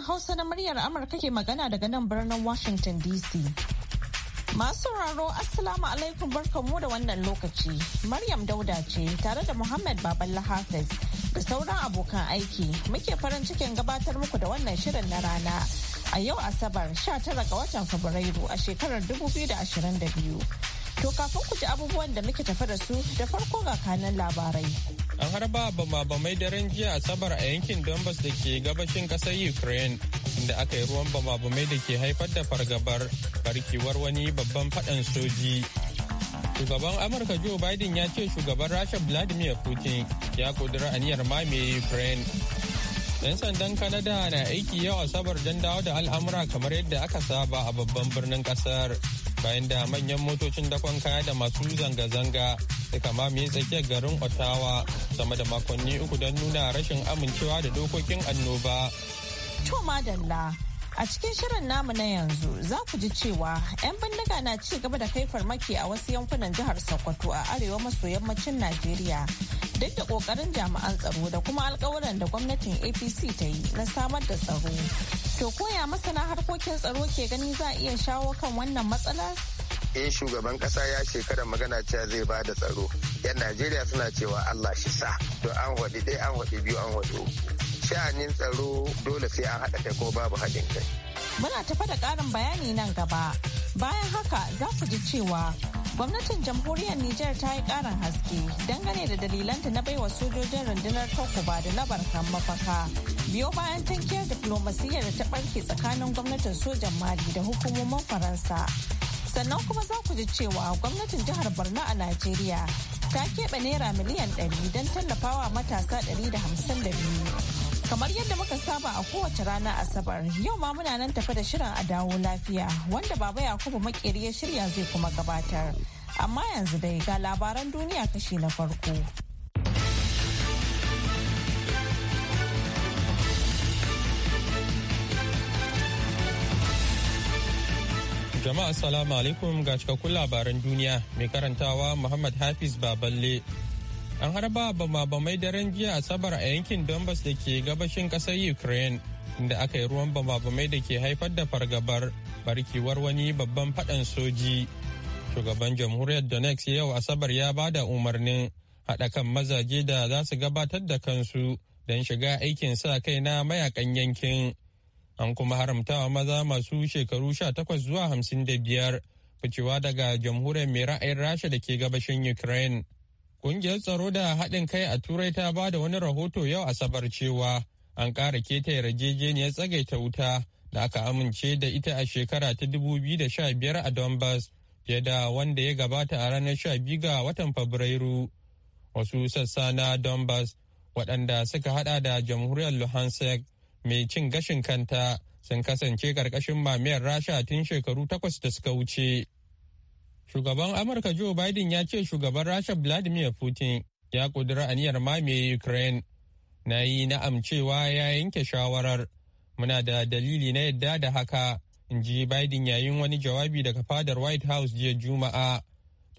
sashen Hausa na muryar Amurka ke magana daga nan birnin Washington DC. Masu sauraro Assalamu alaikum barkanmu da wannan lokaci. Maryam Dauda ce tare da Muhammad Baballa Hafiz da sauran abokan aiki muke farin cikin gabatar muku da wannan shirin na rana a yau Asabar 19 ga watan Fabrairu a shekarar 2022. To kafin ku ji abubuwan da muke tafa da su da farko ga kanan labarai. An harba ba mai daren jiya Asabar a yankin Donbass da ke gabashin ƙasar Ukraine inda aka yi ruwan bama-bamai da ke haifar da fargabar barkewar wani babban faɗan soji. Shugaban Amurka Joe Biden ya ce shugaban Rasha Vladimir Putin ya kudura aniyar mamaye Ukraine. 'Yan sandan Kanada na aiki yau Asabar don dawo da al'amura kamar yadda aka saba a babban birnin ƙasar. bayan da manyan motocin dakon kaya da masu zanga-zanga suka mamaye tsakiyar garin ottawa sama da makonni uku don nuna rashin amincewa da dokokin annoba. To madalla A cikin shirin namu na yanzu za ku ji cewa 'yan bindiga na ci gaba da kai farmaki a wasu yankunan jihar Sokoto a arewa maso yammacin Najeriya. Duk da kokarin jami'an tsaro da kuma alkawuran da gwamnatin APC ta yi na samar da tsaro. To koya masana harkokin tsaro ke gani za a iya shawo kan wannan matsalar? In eh, shugaban kasa ya shekara magana cewa zai ba da tsaro. 'Yan Najeriya suna cewa Allah shi sa. To an waɗi ɗaya an waɗi biyu an waɗi uku. sha'anin tsaro dole sai an haɗa kai ko babu haɗin kai. Muna tafa da ƙarin bayani nan gaba. Bayan haka za ku ji cewa gwamnatin jamhuriyar Nijar ta yi ƙarin haske dangane da dalilanta na baiwa sojojin rundunar Tokuba da na barkan mafaka. Biyo bayan tankiyar diflomasiyyar da ta ɓarke tsakanin gwamnatin sojan Mali da hukumomin Faransa. Sannan kuma za ku ji cewa gwamnatin jihar Borno a Najeriya ta keɓe naira miliyan 100 don tallafawa matasa 152 Kamar yadda muka saba a kowace rana Asabar, yau ma muna nan tafi da shirin a dawo lafiya wanda Baba Yakubu makeri ya shirya zai kuma gabatar. Amma yanzu dai ga labaran duniya kashi na farko. Jama'a salamu alaikum ga cikakkun labaran duniya mai karantawa Muhammad Hafiz Baballe. an harba bama mai daren jiya asabar a yankin donbass da ke gabashin ƙasar ukraine inda aka yi ruwan bama mai da ke haifar da fargabar barkewar wani babban fadan soji shugaban jamhuriyar donetsk yau asabar ya ba da umarnin haɗa kan mazaje da za su gabatar da kansu don shiga aikin sa kai na mayakan yankin an kuma haramtawa maza masu shekaru sha takwas zuwa hamsin da biyar ficewa daga jamhuriyar mai ra'ayin rasha da ke gabashin ukraine Ƙungiyar tsaro da haɗin kai a Turai ta ba da wani rahoto yau Asabar cewa an ƙara keta yarjejeniyar tsagaita wuta da aka amince da ita a shekara ta 2015 a Donbass fiye da wanda ya gabata a ranar 12 ga watan Fabrairu. Wasu sassa na Donbass waɗanda suka haɗa da jamhuriyar Luhansk mai cin gashin kanta sun kasance ƙarƙashin mamiyar Rasha tun shekaru takwas da suka wuce. Shugaban Amurka Joe Biden ya ce shugaban Rasha Vladimir Putin ya kudura aniyar mamaye Ukraine. Na yi na'am cewa ya yanke shawarar. Muna da dalili na yadda da haka, in ji Biden yayin wani jawabi daga fadar White House jiya Juma'a.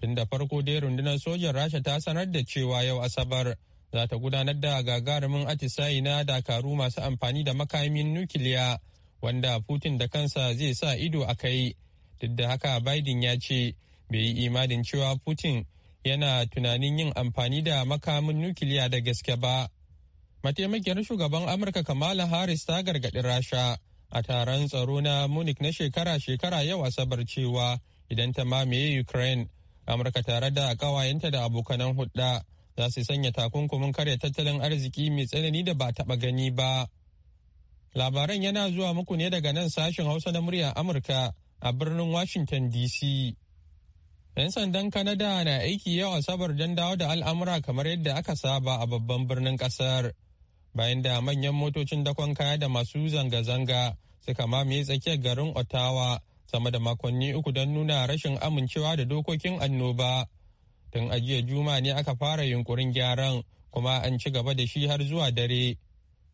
Tun da farko dai rundunar sojan Rasha ta sanar da cewa yau Asabar za ta gudanar da gagarumin atisayi na dakaru masu amfani da makamin nukiliya wanda Putin da kansa zai sa ido a kai. Duk da haka Biden ya ce bai yi imanin cewa putin yana tunanin yin amfani da makamin nukiliya da gaske ba mataimakiyar shugaban amurka kamala harris ta gargaɗi rasha a taron tsaro na munich na shekara-shekara yau asabar cewa idan ta mamaye ukraine amurka tare da ƙawayenta da abokanan hudda za su sanya takunkumin karya tattalin arziki mai tsanani da ba taɓa gani ba labaran yana zuwa muku ne daga nan sashen hausa na murya amurka a birnin washington dc 'Yan sandan Kanada na aiki yau Asabar don dawo da al'amura kamar yadda aka saba a babban birnin kasar. Bayan da manyan motocin dakon kaya da masu zanga-zanga suka mamaye tsakiyar garin Ottawa sama da makonni uku don nuna rashin amincewa da dokokin annoba. Tun a jiya juma ne aka fara yunkurin gyaran kuma an ci gaba da shi har zuwa dare.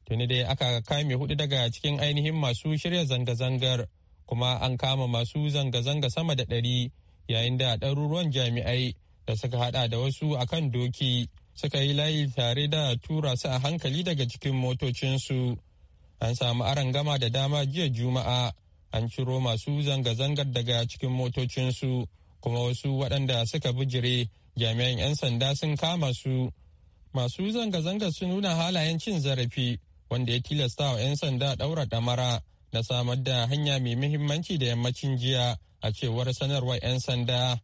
Tuni dai aka kame hudu daga cikin ainihin masu shirya zanga-zangar kuma an kama masu zanga-zanga sama da ɗari. yayin da ɗaruruwan jami'ai da suka hada da wasu a kan doki suka yi layi tare da tura su a hankali daga cikin motocinsu an samu aron gama da dama jiya juma'a an ciro masu zanga-zangar daga cikin motocinsu kuma wasu waɗanda suka bijire jami'an 'yan sanda sun kama su masu zanga-zangar sun nuna halayen cin zarafi wanda ya tilasta wa 'yan sanda ɗaura ɗamara na samar da hanya mai muhimmanci da yammacin jiya a cewar sanarwa 'yan sanda.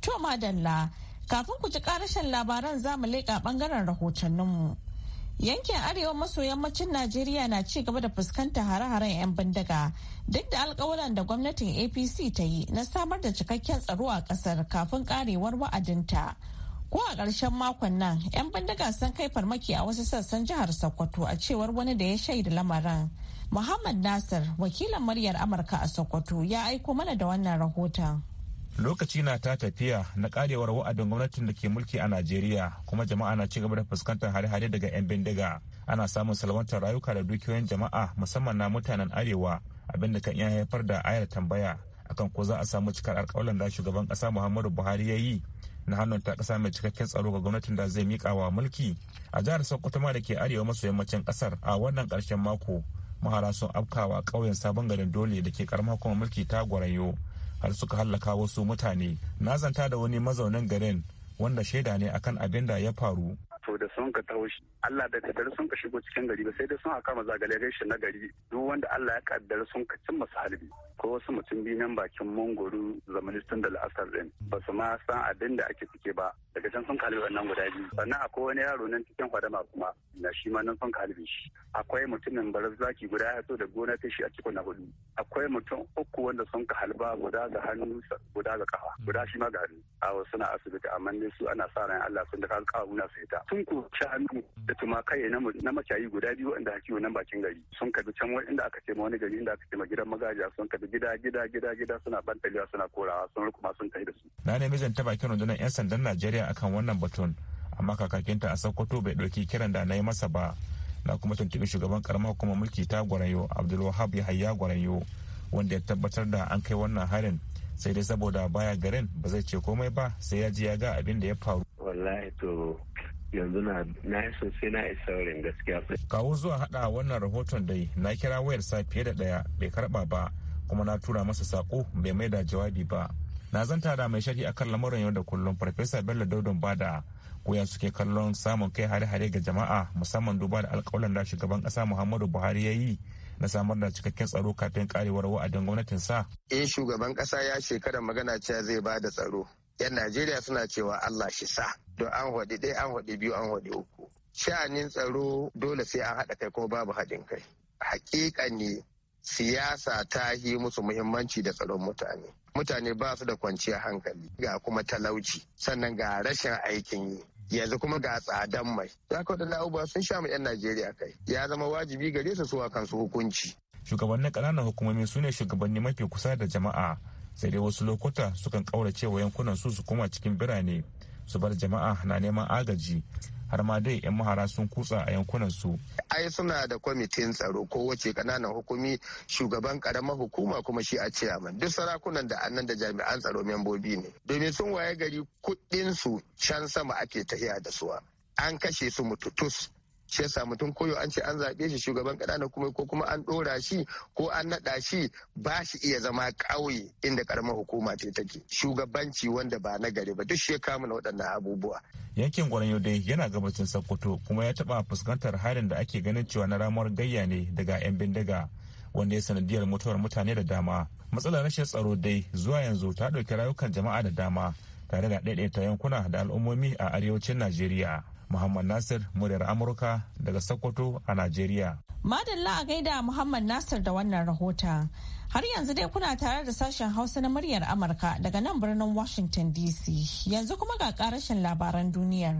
toma madalla kafin ku ji karashen labaran zamu leƙa ɓangaren rahotanninmu. Yankin arewa maso yammacin Najeriya na ci gaba da fuskantar hare-haren 'yan bindiga duk da alkawuran da gwamnatin APC ta yi na samar da cikakken tsaro a kasar kafin karewar wa'adinta. Ko a ƙarshen makon nan, 'yan bindiga sun kai farmaki a wasu sassan jihar Sokoto a cewar wani da ya shaida lamarin. Muhammad Nasir, wakilin muryar Amurka a Sokoto, ya aiko mana da wannan rahoton. Lokaci na ta tafiya na karewar wa'adin gwamnatin da ke mulki a Najeriya kuma jama'a na ci gaba da fuskantar hare-hare daga 'yan bindiga. Ana samun salwantar rayuka da dukiyoyin jama'a musamman na mutanen Arewa abin da kan iya haifar da ayar tambaya akan ko za a samu cikar alkawalin da shugaban kasa Muhammadu Buhari ya yi na hannun ta kasa mai cikakken tsaro ga gwamnatin da zai mika wa mulki a jihar sokoto ma da ke arewa maso yammacin kasar a wannan karshen mako mahara sun afkawa ƙauyen sabon garin dole da ke karamar kuma mulki ta gwarayo har suka hallaka wasu mutane na zanta da wani mazaunin garin wanda shaida ne akan abin da ya faru to da sun ka taho Allah da kaddara sun ka shigo cikin gari ba sai dai sun haka mazagale shi na gari duk wanda Allah ya kaddara sun ka cimma su halbi ko wasu mutum biyu nan bakin mongoro zamanistan da la'asar din ba su ma san abin da ake cike ba daga can sun kalibi wannan guda biyu sannan akwai wani yaro nan cikin kwadama kuma na shi ma nan sun kalibi shi akwai mutumin barazzaki guda ya so da gona ta shi a cikin na hudu akwai mutum uku wanda sun ka halba guda ga hannu guda ga kafa guda shi ma ga hannu a wasu na asibiti amma ne su ana sa ran Allah sun da ka kawo na su ita sun ku ci hannu da tumakai kai na macayi guda biyu wanda ake nan bakin gari sun kabi can wani inda aka ce ma wani gari inda aka ce ma gidan magajiya sun kabi gida gida gida gida suna bantalewa suna korawa sun rukuma sun tafi da su na ne mijin ta bakin rundunar yan sandan Najeriya akan wannan batun amma kakakinta a sokoto bai ɗauki kiran da na yi masa ba na kuma tuntuɓi shugaban karamar hukumar mulki ta gwarayo abdulwahab yahaya gwarayo wanda ya tabbatar da an kai wannan harin sai dai saboda baya garin ba zai ce komai ba sai ya ji ya ga abin da ya faru wallahi to yanzu na na sosai na isa wurin gaskiya kawo zuwa haɗa wannan rahoton dai na kira wayar sa fiye da ɗaya bai karɓa ba kuma na tura masa sako bai mai da jawabi ba na zanta da mai shari akan lamuran yau da kullum farfesa bello daudon bada koya suke kallon samun kai hare-hare ga jama'a musamman duba da alkawalan da shugaban kasa muhammadu buhari ya yi na samar da cikakken tsaro kafin karewar wa'adin gwamnatin sa. in eh, shugaban kasa ya shekara magana cewa zai ba da tsaro yan najeriya suna cewa allah shi sa don an hodi ɗaya an haɗi biyu an hodi uku sha'anin tsaro dole sai an haɗa kai ko babu haɗin kai hakika ne siyasa ta yi musu muhimmanci da tsaron mutane mutane ba su da kwanciyar hankali ga kuma talauci sannan ga rashin aikin yi yanzu kuma ga tsadan mai za ka da la'uba sun sha mu 'yan najeriya kai ya zama wajibi gare su suwa kansu hukunci shugabannin ƙananan hukumomi su ne shugabanni mafi kusa da jama'a sai dai wasu lokuta sukan ƙaurace wa yankunan su su koma cikin birane zubar jama'a na neman agaji har ma dai 'yan mahara sun kutsa a yankunan su. ai suna da kwamitin tsaro ko wace kananan hukumi shugaban karamar hukuma kuma shi a ciyaman duk sarakunan da annan da jami'an tsaro membobi ne domin sun waye gari kuɗin su can sama ake tahiya da suwa an kashe su mututus shi yasa mutum koyo an ce an zaɓe shi shugaban na kuma ko kuma an ɗora shi ko an naɗa shi ba shi iya zama ƙauye inda ƙaramar hukuma ce take shugabanci wanda ba na gari ba duk shi ya kama na waɗannan abubuwa. yankin yau dai yana gabacin sokoto kuma ya taɓa fuskantar harin da ake ganin cewa na ramuwar gayya ne daga 'yan bindiga wanda ya sanadiyar mutuwar mutane da dama matsalar rashin tsaro dai zuwa yanzu ta ɗauki rayukan jama'a da dama tare da daidaita yankuna da al'ummomi a arewacin najeriya muhammad nasir muryar amurka daga sokoto a najeriya madalla a gaida muhammad nasir da wannan rahota har yanzu dai kuna tare da sashen hausa na muryar amurka daga nan birnin washington dc yanzu kuma ga karashin labaran duniyar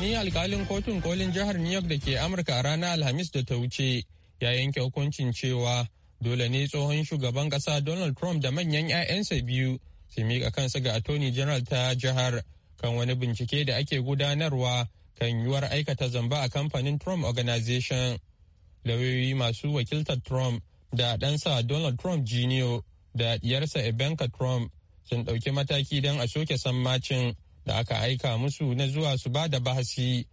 ni alkalin kotun kolin jihar new york da ke amurka a ranar alhamis da ta wuce ya yanke hukuncin cewa dole ne tsohon shugaban kasa donald trump da manyan 'ya'yansa biyu su miƙa kansu ga attorney general ta jihar kan wani bincike da ake gudanarwa kan yiwuwar aikata zamba a kamfanin trump organization lauyoyi masu wakiltar trump da ɗansa donald trump jr da ɗiyarsa ivanka trump sun ɗauki mataki don a soke sammacin da aka aika musu na zuwa su ba da bahasi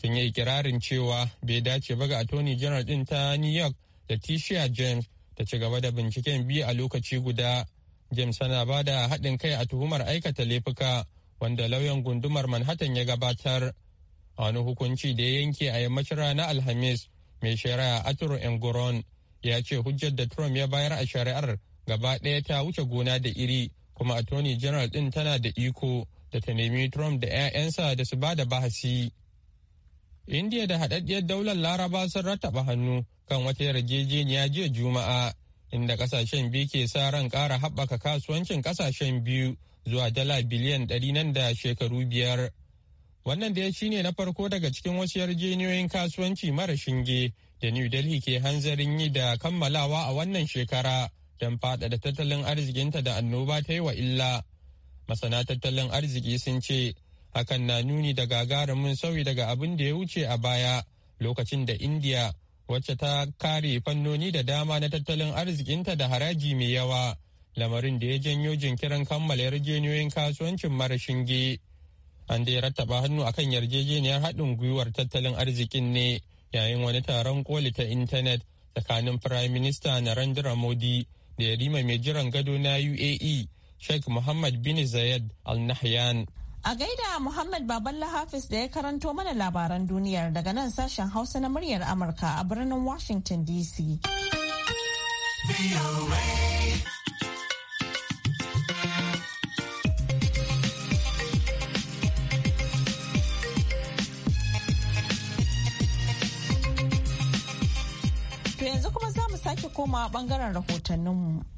sun yi ikirarin cewa bai dace ba ga attorney general din ta new york da tisha james ta ci gaba da binciken biyu a lokaci guda james tana ba da haɗin kai a tuhumar aikata laifuka wanda lauyan gundumar manhattan ya gabatar a wani hukunci da ya yanke a yammacin ranar alhamis mai shari'a arthur engoron ya ce hujjar da trump ya bayar a shari'ar gaba ɗaya ta wuce gona da iri kuma attorney general din tana da iko da ta nemi Trump da 'ya'yansa da su ba da bahasi. India da haɗaɗɗiyar daular Laraba sun rattaba hannu kan wata yarjejeniya jiya Juma'a, inda ƙasashen biyu ke sa ran ƙara haɓaka kasuwancin ƙasashen biyu zuwa dala biliyan ɗari nan da shekaru biyar. Wannan da ya shi ne na farko daga cikin wasu yarjejeniyoyin kasuwanci mara shinge da New Delhi ke hanzarin yi da kammalawa a wannan shekara don faɗaɗa tattalin arzikinta da annoba ta yi wa illa. masana tattalin arziki sun ce hakan na nuni da gagarumin sauyi daga abin da ya wuce a baya lokacin da indiya wacce ta kare fannoni da dama na tattalin arzikinta da haraji mai yawa lamarin da ya janyo jinkirin kammala yarjejeniyoyin kasuwancin mara shinge an ya rattaba hannu akan yarjejeniyar haɗin gwiwar tattalin arzikin ne yayin wani taron koli ta intanet tsakanin firayim minista narendra modi da yarima mai jiran gado na uae Sheikh Muhammad bin Zayed Al Nahyan. A gaida Muhammad Baballa Hafiz da ya karanto mana labaran duniyar daga nan sashen Hausa na muryar Amurka a birnin Washington DC. To yanzu kuma za mu sake komawa bangaren rahotanninmu.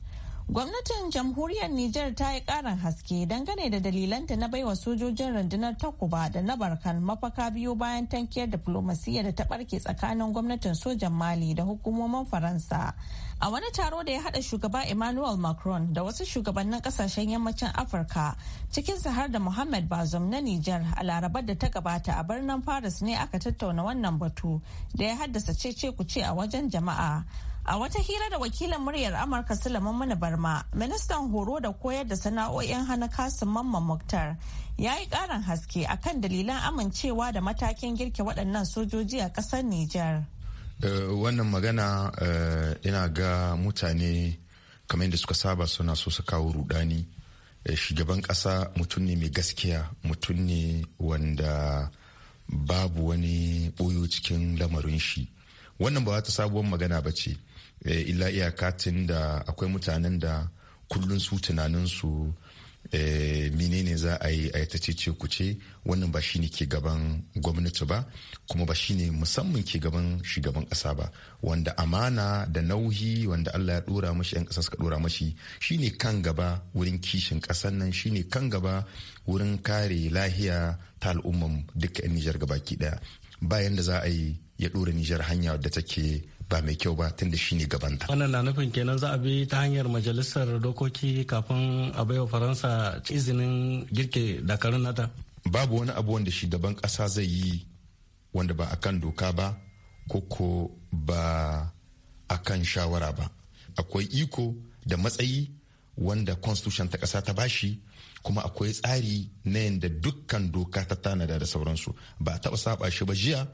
Gwamnatin jamhuriyar Nijar ta yi ƙarin haske dangane da dalilanta na baiwa sojojin rundunar takuba da na barkan mafaka biyu bayan tankiyar diflomasiyya da ta ɓarke tsakanin gwamnatin sojan Mali da hukumomin Faransa. A wani taro da ya haɗa shugaba Emmanuel Macron da wasu shugabannin ƙasashen yammacin Afirka cikin har da Mohamed Bazoum na Nijar a larabar da ta gabata a birnin Paris ne aka tattauna wannan batu da ya haddasa ce-ce cece kuce a wajen jama'a. A wata hira da wakilin muryar Amurka Sulaiman Mana Barma, ministan horo da koyar da sana'o'in hana kasin Mamman Muktar ya yi ƙarin haske akan dalilan amincewa da matakin girke waɗannan sojoji a ƙasar Nijar. Eh, wannan magana eh, ina ga mutane kamar da suka saba suna so su kawo rudani. Eh, shugaban ƙasa mutum ne mai gaskiya, mutum ne wanda babu wani ɓoyo cikin lamarin shi. Wannan ba wata sabuwar magana ba ce. Eh, illa iyaka tun da akwai mutanen da kullun su tunanin tunaninsu eh, menene za a yi a ta cece ce wannan ba shine ke gaban gwamnati ba kuma ba shine musamman ke gaban shugaban kasa ba wanda amana da nauhi wanda Allah ya dora mashi yan kasa suka dora mashi shine kan gaba wurin kishin kasan nan shine kan gaba wurin kare lahiya ta al'umman duka yan Nijar gabaki daya bayan da za a yi ya dora Nijar hanya da take ba mai kyau ba tunda shi ne gabanta. Wannan na nufin kenan za a bi ta hanyar majalisar dokoki kafin a baiwa Faransa izinin girke dakarun nata. Babu wani abu wanda shugaban kasa zai yi wanda ba a kan doka ba ko ko ba a kan shawara ba. Akwai iko da matsayi wanda constitution ta ƙasa ta bashi kuma akwai tsari na yadda dukkan doka ta tanada da sauransu ba a taɓa saba shi ba jiya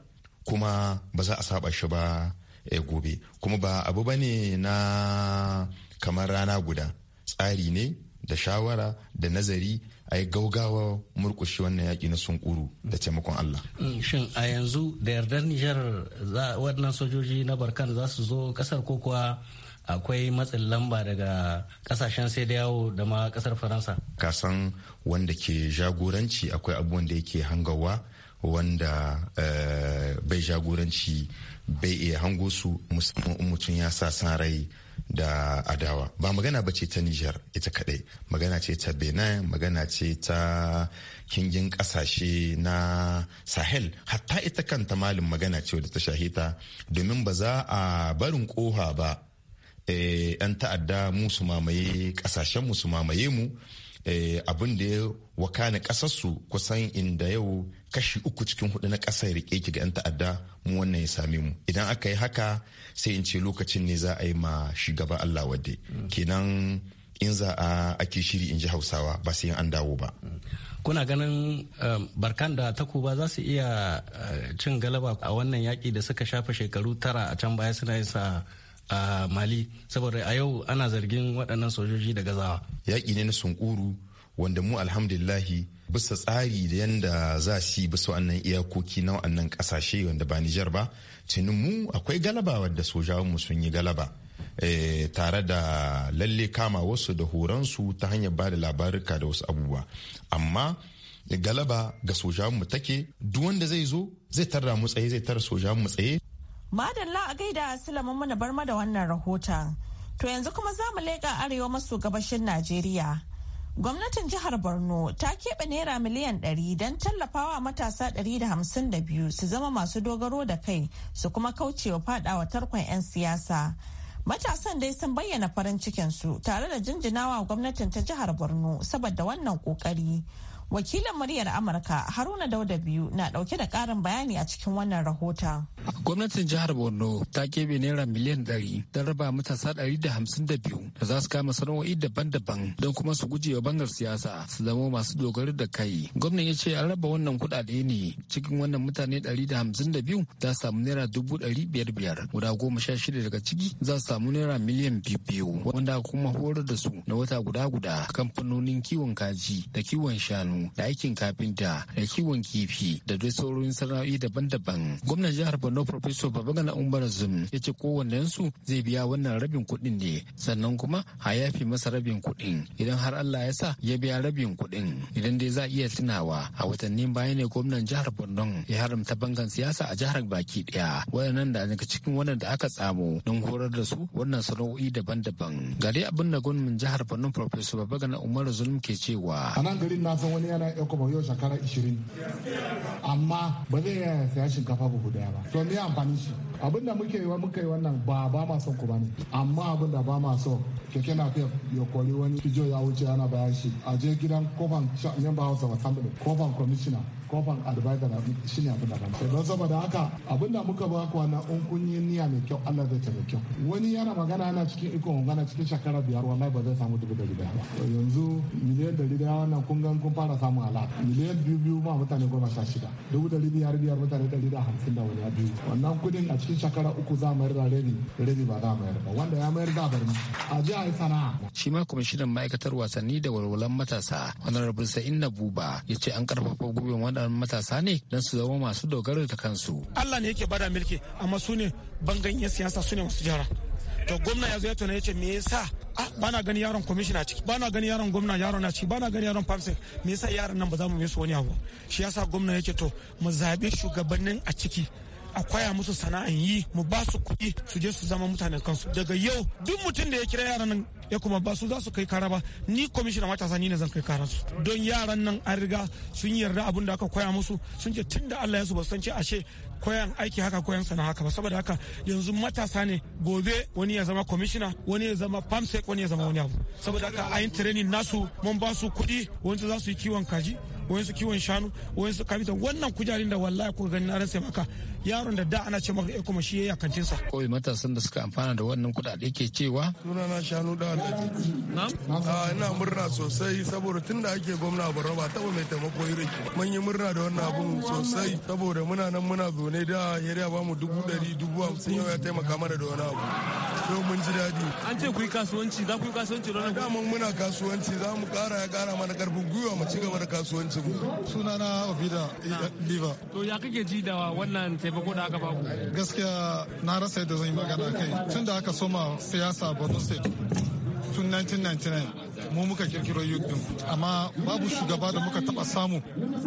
kuma ba za a saba shi ba eh gobe kuma ba abu ba ne na kamar rana guda tsari ne da shawara da nazari a yi gaugawa murkushe wannan yaƙi na sunkuru da taimakon Allah. Mm, shin a yanzu da yardar Nijar waɗannan sojoji na Barkan za su zo ƙasar kokowa akwai matsin lamba daga ƙasashen sai da yawo da ma ƙasar Faransa? Kasan wanda ke jagoranci akwai abubuwan da yake hangawa wanda eh, bai jagoranci bai iya hango su musamman mutum ya sa san rai da adawa ba magana ba ce ta Nijar ita kadai magana ce ta Benin magana ce ta kingin kasashe na Sahel hatta ita kanta malin magana ce da ta shahita domin ba za a barin koha ba eh, 'yan ta'adda mu su mamaye kasashen mu su mamaye mu Eh, abin da ya wakana kasarsu kusan inda yau kashi uku cikin hudu na kasa ya rike ki ga 'yan ta'adda mu wannan ya same mu idan aka yi haka sai in ce lokacin ne za a yi ma shugaban Allah wadde mm. kenan in za a ake shiri in ji hausawa ba sai an dawo ba mm. kuna ganin um, barkan da takuba za su iya uh, cin galaba a wannan yaƙi da suka shafa shekaru tara a can baya suna yin sa a mali saboda a yau ana zargin waɗannan sojoji da gazawa yaƙi ne na sunkuru wanda mu alhamdulillahi bisa tsari da yanda za su yi bisa wannan iyakoki na wannan ƙasashe wanda ba Nijar ba tunin mu akwai galaba wadda sojawan mu sun yi galaba eh, tare da lalle kama wasu da horonsu ta hanyar ba da labaruka da wasu abubuwa amma galaba ga sojawan mu take duk wanda zai zo zai tarra mu tsaye zai tarra sojawan mu tsaye Madalla a gaida Sulaiman mana bar da wannan rahoton. To yanzu kuma za mu leƙa arewa maso gabashin Najeriya. Gwamnatin jihar Borno ta keɓe naira miliyan 100 don tallafawa matasa 152 su zama masu dogaro da kai su kuma kaucewa fadawa tarkon 'yan siyasa. Matasan dai sun bayyana farin cikinsu tare da jinjinawa gwamnatin ta jihar Borno saboda wannan ƙoƙari. Wakilin muryar Amurka Haruna Dauda biyu na dauke da karin bayani a cikin wannan rahota. Gwamnatin jihar Borno ta kebe naira miliyan 100 don raba matasa 152 da za su kama sana'o'i daban-daban don kuma su gujewa bangar siyasa su zama masu dogaro da kai. Gwamnan ya ce an raba wannan kuɗaɗe ne cikin wannan mutane 152 za su samu naira dubu ɗari biyar biyar guda goma sha shida daga ciki za su samu naira miliyan biyu biyu wanda kuma horar da su na wata guda guda kan fannonin kiwon kaji da kiwon shanu da aikin kafinta da kiwon kifi da dai sauran sana'o'i daban-daban gwamnan jihar borno professor babagana umar zum ya ce su zai biya wannan rabin kuɗin ne sannan kuma a yafi masa rabin kuɗin idan har allah ya sa ya biya rabin kuɗin idan dai za a iya tunawa a watannin baya ne gwamnan jihar borno ya haramta bangan siyasa a jihar baki ɗaya waɗannan da daga cikin wannan da aka tsamo don horar da su wannan sana'o'i daban-daban gari abin da gwamnan jihar borno professor babagana umar zulum ke cewa a nan garin na san wani yana ya kuma yau shekara 20 amma ba zai iya saya shinkafa buhu daya ba to me amfani shi abin da muke wa muka yi wannan ba ba ma son ku bane amma abin da ba ma so keke na fiye ya kori wani fijo ya wuce yana bayan shi a je gidan kofan ba house ba assembly kofan commissioner kofan da shi ne ban daban don saboda haka abin da muka ba kuwa na in kun yi niyya mai kyau Allah zai taimake kyau wani yana magana yana cikin ikon magana cikin shekara biyar wallahi ba zai samu dubu da biyar ba yanzu miliyan dari biyar wannan kun gan kun fara samu ala miliyan biyu biyu ma mutane goma sha shida dubu dari biyar biyar mutane dari da hamsin da wani biyu wannan kudin a cikin shekara uku za mayar da reni reni ba za mayar ba wanda ya mayar da bari a ji a yi sana'a. shi ma kwamishinan ma'aikatar wasanni da walwalan matasa honorable sa'in na buba ya ce an karfafa gwiwan wanda waɗannan matasa ne don su zama masu dogaro da kansu. Allah ne yake bada milki amma su ne bangan 'yan siyasa su ne masu jara. to gwamna ya zo ya tona ya ce me yasa ah bana gani yaron a ciki bana gani yaron gwamna yaron na ciki bana gani yaron famsek me yasa yaron nan ba za mu yi su wani abu shi yasa gwamna yake to mu zabe shugabannin a ciki a kwaya musu sana'an yi mu ba su kuɗi su je su zama mutanen kansu daga yau duk mutum da ya kira yaran nan ya kuma ba su za su kai kara ba ni komishina matasa ni ne zan kai kara su don yaran nan an riga sun yarda abun da aka koya musu sun ce tun da Allah ya su ba san ce ashe koyan aiki haka koyan sana haka ba saboda haka yanzu matasa ne gobe wani ya zama kwamishina wani ya zama famsek wani ya zama wani abu saboda haka a yi training nasu mun ba su kuɗi wanda za su yi kiwon kaji wayansu kiwon shanu wayansu kabitan wannan kujarin da wallahi kuka gani na rasa maka yaron da da ana ce maka eh, kuma shi yayi akancin sa koi matasan da suka amfana da wannan kudade ke cewa sunana shanu da na ah, ina murna sosai saboda tunda ake gwamna baraba taba mai taimako irin mun yi murna da wannan abun sosai saboda muna nan muna zaune da yariya ba mu dubu dari dubu hamsin yau ya taimaka mana da wani abu to mun ji daɗi an ce ku yi kasuwanci za ku yi kasuwanci ranar mun muna kasuwanci za mu kara ya kara mana karfin gwiwa mu ci gaba da kasuwanci Maiduguri sunana Obida eh, Liva. To ya kake ji da wannan taimako da aka baku? Gaskiya na rasa yadda zan yi magana kai tun da aka soma siyasa Borno State tun 1999 mu muka kirkiro youth din amma babu shugaba da muka taba samu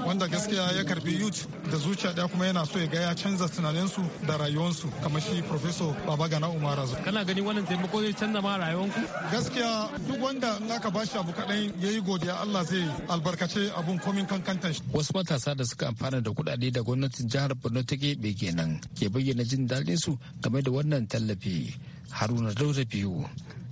wanda gaskiya ya karbi youth da zuciya daya kuma yana so ya gaya ya canza tunaninsu da rayuwarsu kamar shi professor gana umar azu kana gani wannan taimako zai canza ma rayuwarku. gaskiya duk wanda in aka bashi abu kaɗan ya yi godiya allah zai albarkace abun komin kankantan shi wasu matasa da suka amfana da kuɗaɗe da gwamnatin jihar borno ta keɓe kenan ke bayyana jin daɗin su game da wannan tallafi haruna daura biyu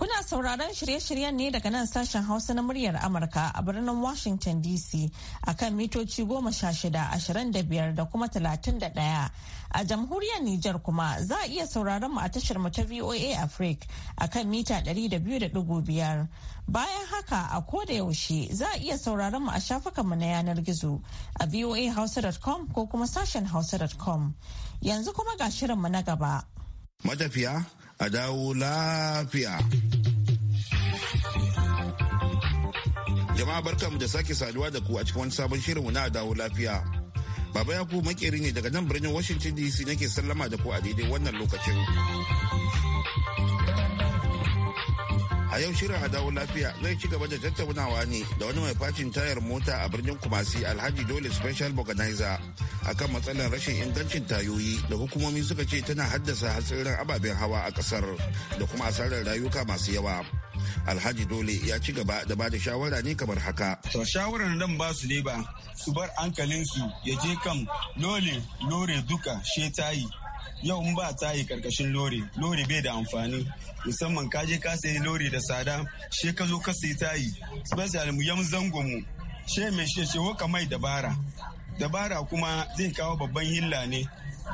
Kuna sauraron shirye-shiryen ne daga nan sashen Hausa na muryar Amurka a birnin Washington DC a kan mitoci goma sha shida ashirin da biyar da kuma talatin da ɗaya. A jamhuriyar Nijar kuma za a iya sauraron mu a tashar mu ta VOA Africa a kan mita ɗari da biyu da ɗigo biyar. Bayan haka a koda yaushe za a iya sauraron mu a shafukan mu na yanar gizo a voahausa.com ko kuma sashen hausa.com. Yanzu kuma ga shirinmu na gaba. Matafiya a dawo lafiya. Jama'a barkamu da sake saduwa da ku a cikin wani sabon shirinmu na dawo lafiya. Baba ya ku makeri ne daga nan birnin Washington DC nake sallama da ku a daidai wannan lokacin. A yau shirin a dawo lafiya zai ci gaba da tattaunawa ne da wani mai facin tayar mota a birnin Kumasi Alhaji Dole Special Organizer akan matsalar rashin ingancin tayoyi da hukumomi suka ce tana haddasa hatsarin ababen hawa a kasar da kuma asarar rayuka masu yawa alhaji dole ya ci gaba da bada shawara ne kamar haka shawarar nan ba su ne ba su bar su ya je kan lole lore duka she tayi yau ba tayi karkashin lore lore bai da amfani musamman ka je ka sayi lore da tsada she ka zo ka sayi tayi special mu yam zango mu she mai she she mai dabara dabara kuma zai kawo babban hilla ne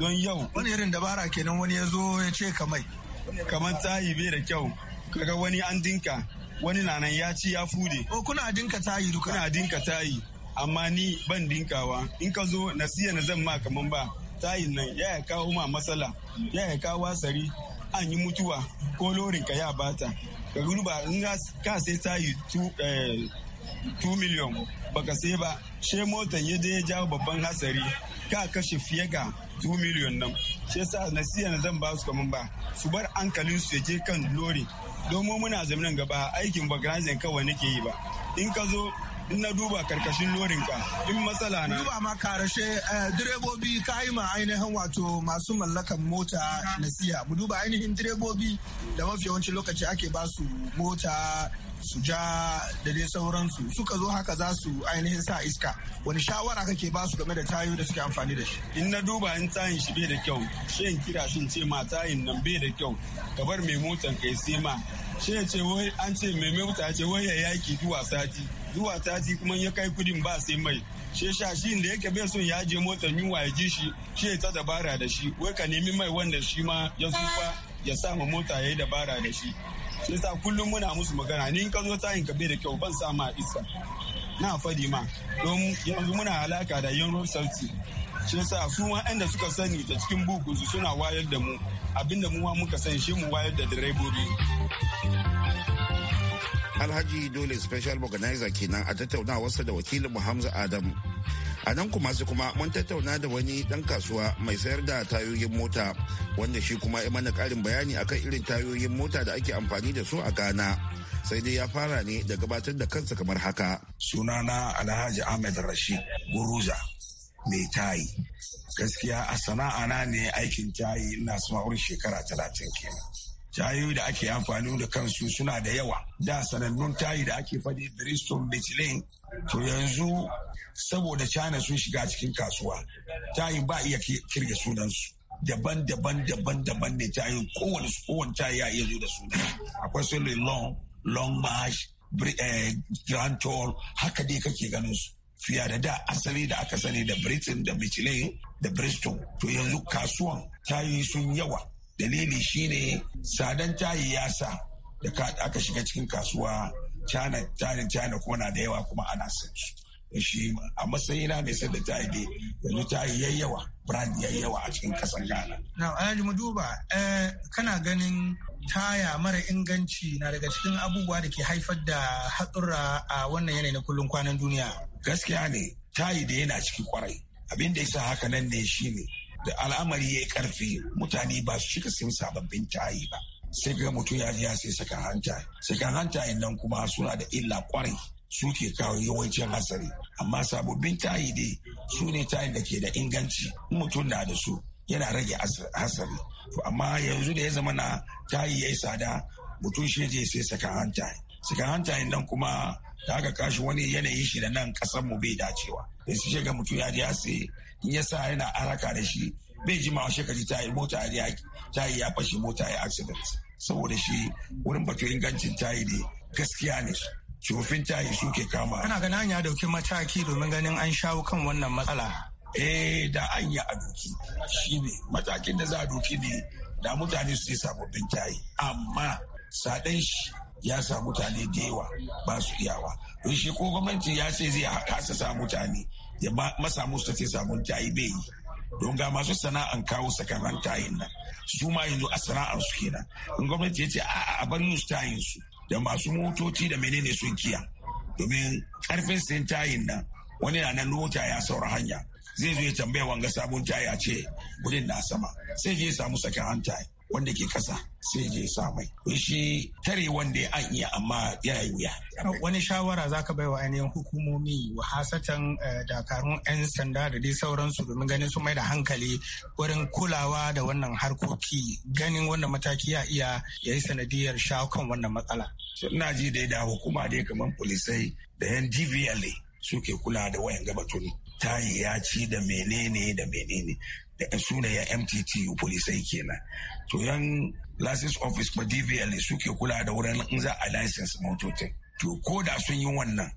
don yau wani irin dabara kenan wani ya zo ya ce kamai kamar tayi bai da kyau kaga wani an dinka wani na nan ya ci ya fude o oh, kuna dinka tayi duka kuna dinka tayi amma ni ban dinkawa in ka zo nasiya na zan ma kaman ba tayin nan ya ya kawo ma matsala ya ya kawo wasari an yi mutuwa ko lorin ka ya bata ka ruba in ka sai tayi eh, 2 miliyan baka sai ba she motan ya je ya jawo babban hasari ka kashe fiye ga 2 miliyan nan shi yasa nasiya na zan ba su kamun ba su bar hankalin su je kan lori domin muna zamanin gaba aikin organizing kawai nake yi ba in ka zo in na duba karkashin ka in matsala na duba ma karashe eh, direbobi ka yi ma ainihin wato masu mallakan mota nasiya mu duba ainihin direbobi da mafi yawancin lokaci ake ba su mota su ja da dai sauransu suka zo haka za su ainihin sa iska wani shawara kake ba su game da tayo da suke amfani da shi in na duba in tayin shi bai da kyau shin kira shin ce ma tayin nan bai da kyau ka bar mai motan kai sai ma ya ce wai an ce mai mota ce wai ya yaki zuwa sati zuwa sati kuma ya kai kudin ba sai mai shi sha shi da yake bai son ya je motar yunwa ya ji shi ya ta dabara da shi wai ka nemi mai wanda shi ma ya zufa ya sa ma mota ya yi dabara da shi shi sa kullum muna musu magana ni ka zo tayin ka bai da kyau ban sa ma iska na fadi ma don yanzu muna alaka da yan road shi sa su wa'anda suka sani ta cikin bukusu suna wayar da mu abinda mu muka sani shi mu wayar da direbobi alhaji dole special organizer kenan a tattaunawarsa da wakilin hamza adam a nan kuma su kuma mun tattauna da wani dan kasuwa mai sayar da tayoyin mota wanda shi kuma ya mana karin bayani akan irin tayoyin mota da ake amfani da su a ghana sai dai ya fara ne da gabatar da kansa kamar haka sunana alhaji ahmed rashid guruza mai tayi gaskiya a sana'a na ne aikin tayi ina wurin shekara talatin kenan tayoyi da ake amfani da kansu suna da yawa da sanannun tayi da ake faɗi bristol michelin to yanzu saboda china sun shiga cikin kasuwa tayi ba iya kirga sunansu daban daban daban daban ne tayi kowane kowane tayi ya iya zo da suna akwai su long long march eh, grand tour haka dai kake ganin su fiye da da asali da aka sani da britain da michelin da bristol to yanzu kasuwan tayi sun yawa dalili shine sadan tayi ya sa da aka shiga cikin kasuwa china china china kuma na da yawa kuma ana san shi a matsayina mai sai da tahi yanzu yi yayyawa brand yayyawa a cikin kasar ghana na alhaji mu eh, kana ganin taya mara inganci na daga cikin abubuwa da ke haifar da hatsura a wannan yanayi na kullum kwanan duniya gaskiya ne tayi da yana ciki kwarai abin da yasa haka nan ne shine da al'amari ya karfi mutane ba su cika sin sababbin tayi ba sai ga mutum ya ji ya sai saka hanta sakan hanta nan kuma suna da illa kwarai su ke kawo yawancin hatsari amma sabobin tayi dai su ne tayin da ke da inganci mutum na da su yana rage hatsari amma yanzu da ya zama na tayi ya yi tsada mutum shi je sai saka hanta saka hanta nan kuma da haka kashi wani yanayin shi da nan kasar mu bai dacewa da su shiga mutum ya ya sai in ya sa yana araka da shi bai ji ma shekaru tayi mota tayi ya fashe mota ya accident saboda shi wurin batun ingancin tayi ne gaskiya ne tsofin tayi suke kama kana ganin an ya dauki mataki domin ganin an shawo kan wannan matsala eh da an yi a doki shine matakin da za a doki ne da mutane su yi sababbin tayi amma sadan shi ya sa mutane da yawa ba su iyawa don shi ko gwamnati ya ce zai sa mutane ya masa musu tafi sabon tayi bai yi don ga masu sana'an kawo sakamakon tayin nan su ma yanzu a sana'ar su kenan in gwamnati ya ce a bar yin tayin su da masu motoci da menene sun kiya domin karfin sin tayin nan wani na nan mota ya saura hanya zai zo ya tambaya wanga sabon tayi a ce gudun na sama sai je samu sakin hantayi wanda ke kasa sai je sa mai shi tare wanda ya an iya amma ya yi wuya wani shawara zaka bai wa ainihin hukumomi wa hasatan eh, dakarun yan sanda da dai sauransu domin ganin su mai da hankali wurin kulawa da wannan harkoki ganin wannan mataki ya iya ya yi sanadiyar shakon wannan matsala ina ji dai da hukuma dai kamar polisai da yan dvla suke kula da wayan gabatun tayi ya ci da menene da menene da sunayen mttu polisai kenan to yan license office ba dvl suke kula da wurin in za a license motocin to ko da sun yi wannan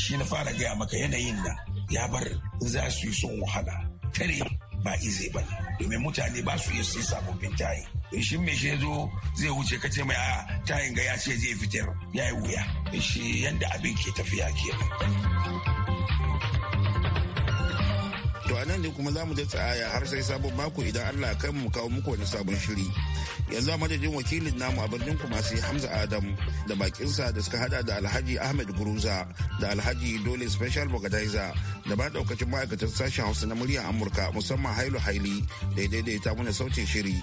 shi na fara gaya maka yanayin nan ya bar in za su yi sun wahala tare ba izi ba domin mutane ba su yi su sababbin tayi eh, in shi mai shi zo zai wuce kace mai a tayin ga ya ce zai fitar ya yi wuya in eh, shi yanda abin ke tafiya kenan a nan ne kuma za mu tsaya har sai sabon mako idan Allah kai mu kawo muku wani sabon shiri. Yanzu a madadin wakilin namu a birnin kuma sai Hamza Adam da bakinsa da suka hada da Alhaji Ahmed Guruza da Alhaji Dole Special Bogadiza da ba daukacin ma'aikatan sashen Hausa na muryar Amurka musamman Hailu Haili da ya daidaita mana sautin shiri.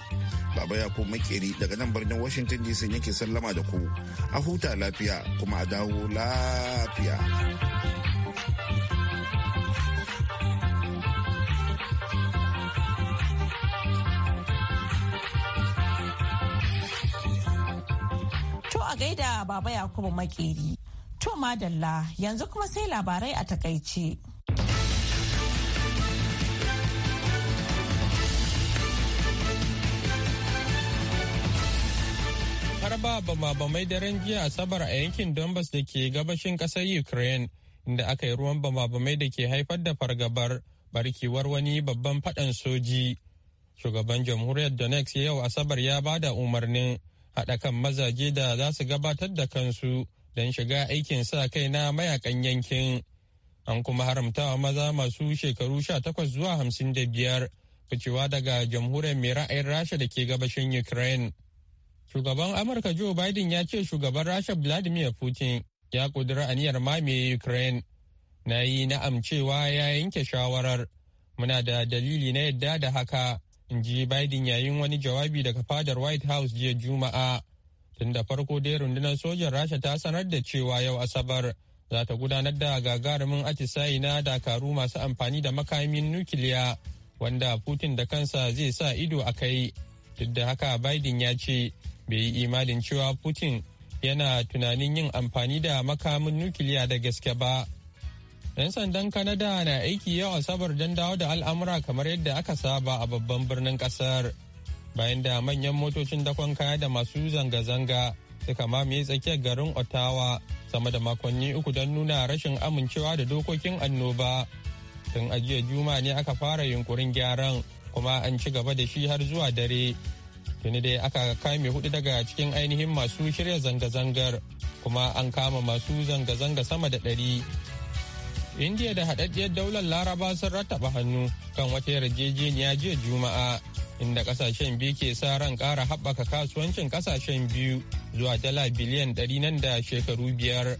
Baba ya makeri daga nan birnin Washington DC yake sallama da ku. A huta lafiya kuma a dawo lafiya. To a gaida Baba Yakubu Makeri. To madalla yanzu kuma sai labarai a takaice. harba bama-bamai daren jiya asabar a yankin donbass da ke gabashin kasar ukraine inda aka yi ruwan bama-bamai da ke haifar da fargabar barkewar wani babban faɗan soji shugaban jamhuriyar donetsk yau asabar ya bada umarnin haɗa kan mazaje da za su gabatar da kansu don shiga aikin sa kai na mayakan yankin an kuma haramtawa maza masu shekaru sha takwas zuwa hamsin da biyar ficewa daga jamhuriyar mai ra'ayin rasha da ke gabashin ukraine shugaban amurka joe biden ya ce shugaban rasha vladimir putin ya kudura aniyar mamaye ukraine na yi na'am cewa ya yanke shawarar muna da dalili na yadda da haka in ji Biden yayin wani jawabi daga fadar White House jiya Juma'a. Tun da farko dai rundunar sojan Rasha ta sanar da cewa yau Asabar za ta gudanar da gagarumin atisayi na dakaru masu amfani da makamin nukiliya wanda Putin da kansa zai sa ido a kai. Duk da haka Biden ya ce bai yi imanin cewa Putin yana tunanin yin amfani da makamin nukiliya da gaske ba. 'Yan sandan Kanada na aiki yawa sabar don dawo da al'amura kamar yadda aka saba a babban birnin kasar. Bayan da manyan motocin dakon kaya da masu zanga-zanga suka mamaye tsakiyar garin Ottawa sama da makonni uku don nuna rashin amincewa da dokokin annoba. Tun ajiya juma ne aka fara yunkurin gyaran kuma an ci gaba da shi har zuwa dare. Tuni dai aka kame hudu daga cikin ainihin masu shirya zanga-zangar kuma an kama masu zanga-zanga sama da ɗari. indiya da haɗaɗɗiyar daular laraba sun rattaba hannu kan wata yarjejeniya jiya juma'a inda kasashen biyu ke sa ran ƙara haɓaka kasuwancin kasashen biyu zuwa dala biliyan ɗari nan da shekaru biyar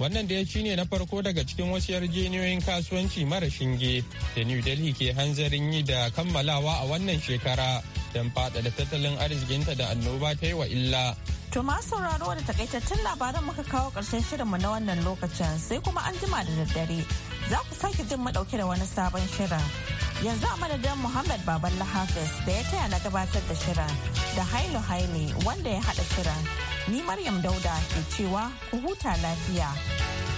wannan da ya ci ne na farko daga cikin wasu yarjejeniyoyin kasuwanci mara shinge da new delhi ke hanzarin yi da kammalawa a wannan shekara don da tattalin arzikinta da annoba ta yi wa illa To ma sauraro da takaitattun labaran muka kawo ƙarshen shirinmu na wannan lokacin sai kuma an jima da daddare za ku sake jin mu da wani sabon shirin. yanzu a madadin muhammad baban lahafis da ya taya na gabatar da shirin da hailu haini wanda ya haɗa shirin ni maryam dauda ke cewa ku huta lafiya